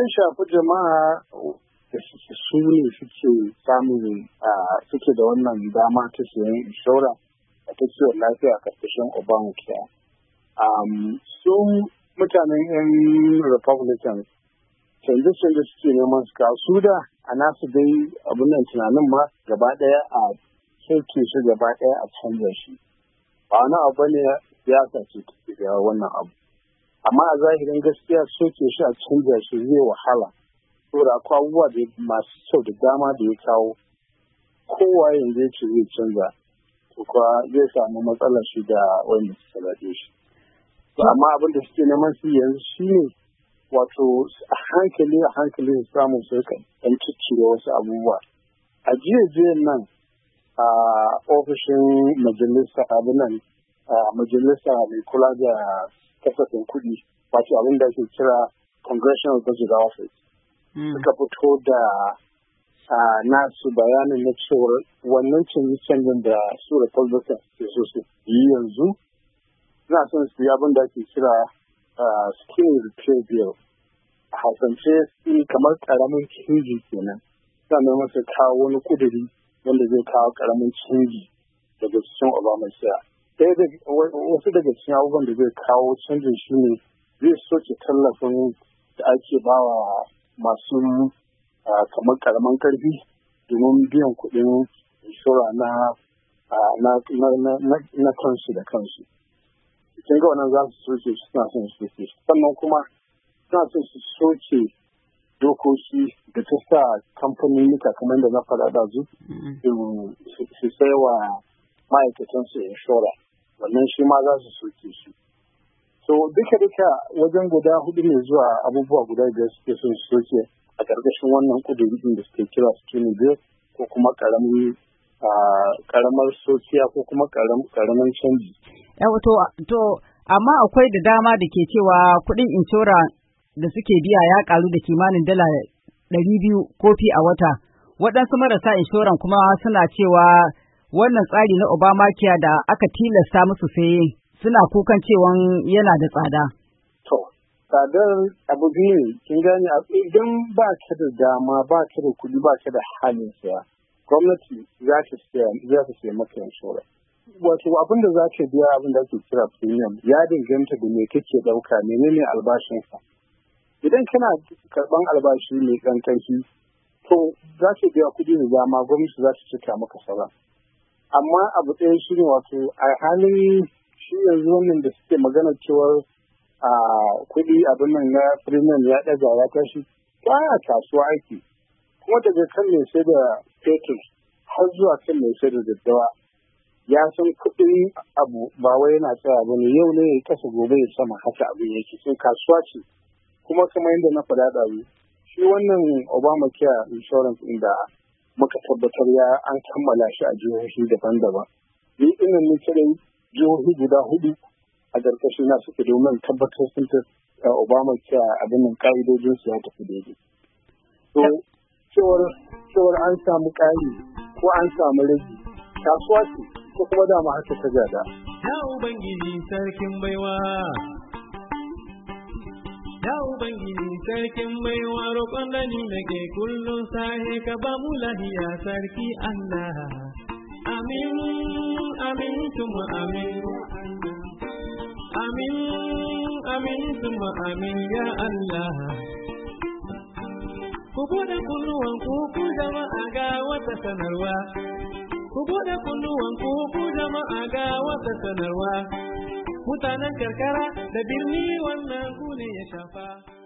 zai shafi jama'a da suke su ne suke samun suke da wannan dama ta siyan inshora a ta kiwon lafiya karkashin obama care su mutanen yan republicans canje-canje suke neman su su da a nasu dai abin tunanin ma gaba ɗaya a sauke shi gaba ɗaya a canza shi ba wani abu ne siyasa ce ta wannan abu amma a zahirin gaskiya soke shi a cikin jashi zai wahala saboda akwai abubuwa da masu kyau da dama da ya kawo kowa yanzu zai canza to kuwa zai samu matsalar shi da wanda su zaɓe shi amma abin da suke neman su yanzu shi ne wato a hankali a hankali su samu su rika ɗan cikin wasu abubuwa a jiya jiya nan a ofishin majalisa abinan majalisa mai kula da kasafin kuɗi wato abin da ake kira congressional budget office hmm. suka fito da nasu bayanin na cewar wannan canji canjin da su republican ke so su yi yanzu suna son su yi abin da ake kira screen repair bill a hausance su kamar karamin canji kenan sannan masa kawo wani kuduri wanda zai kawo karamin canji daga cikin obama siya wasu daga cikin abubuwan da zai kawo canjin shi ne zai soke tallafin da ake bawa masu kamar karaman karfi domin biyan kuɗin inshora na na kansu da kansu kin ga wannan za su soke na son su soke sannan kuma suna son su soke dokoki da ta sa nika kamar da na faɗa da mm-hmm. su su sai wa ma'aikatansu inshora wannan shi ma za su soke shi so duka duka wajen guda hudu ne zuwa abubuwa guda biyar suke son su soke a ƙarƙashin wannan kudurin da suke kira skinny biyar ko kuma ƙaramin karamar sokiya ko kuma ƙaramin canji. to to amma akwai da dama da ke cewa kuɗin inshora da suke biya ya ƙaru da kimanin dala ɗari biyu kofi a wata waɗansu marasa inshoran kuma suna cewa wannan tsari na kiya da aka tilasta musu sai suna kukan cewa yana da tsada. To, tsadar abu biyu kin kin gane idan ba ka da dama ba ka da kuɗi ba ka da halin siya. gwamnati za ta siya za ta siya maka inshora. Wato abin da za ka biya abin da ake kira premium ya danganta da me kake ɗauka menene albashinsa. Idan kana karɓan albashi mai ƙanƙanci to za ka biya kuɗi da dama gwamnati za ta cika maka sauran. amma abu ɗaya shi ne wato a halin shi yanzu wannan da suke magana cewar a kuɗi abin nan na premium ya ɗaga ya tashi ba a kasuwa aiki kuma daga kan mai sai da fetur har zuwa kan mai sai da daddawa ya san kuɗin abu ba wai yana tsaya ba ne yau ne ya yi kasa gobe ya sama haka abin yake sun kasuwa ce kuma kamar yadda na faɗa ɗazu shi wannan obama insurance inda muka tabbatar ya an kammala shi a jihohi daban-daban. Ni ina ne cire jihohi guda hudu a ƙarƙashin na suke domin tabbatar sun ta eh, Obama cewa abin nan ƙa'idojin su ya tafi daidai. To, cewar an samu ƙari ko an samu rage kasuwa ce ko kuma dama haka ta gada. Ya Ubangiji sarkin baiwa. Ya Ubangiji sarkin baiwa roƙon da ni nake kullum sahi ka ba mu lahiya sarki Allah. Amin, amin, tuma amin. Amin, amin, tuma amin ya Allah. Ku buɗe kunnuwan ku ku zama a ga wata sanarwa. Ku buɗe kunnuwan ku ku zama a ga wata sanarwa. mutanen karkara da birni wannan ku ne ya shafa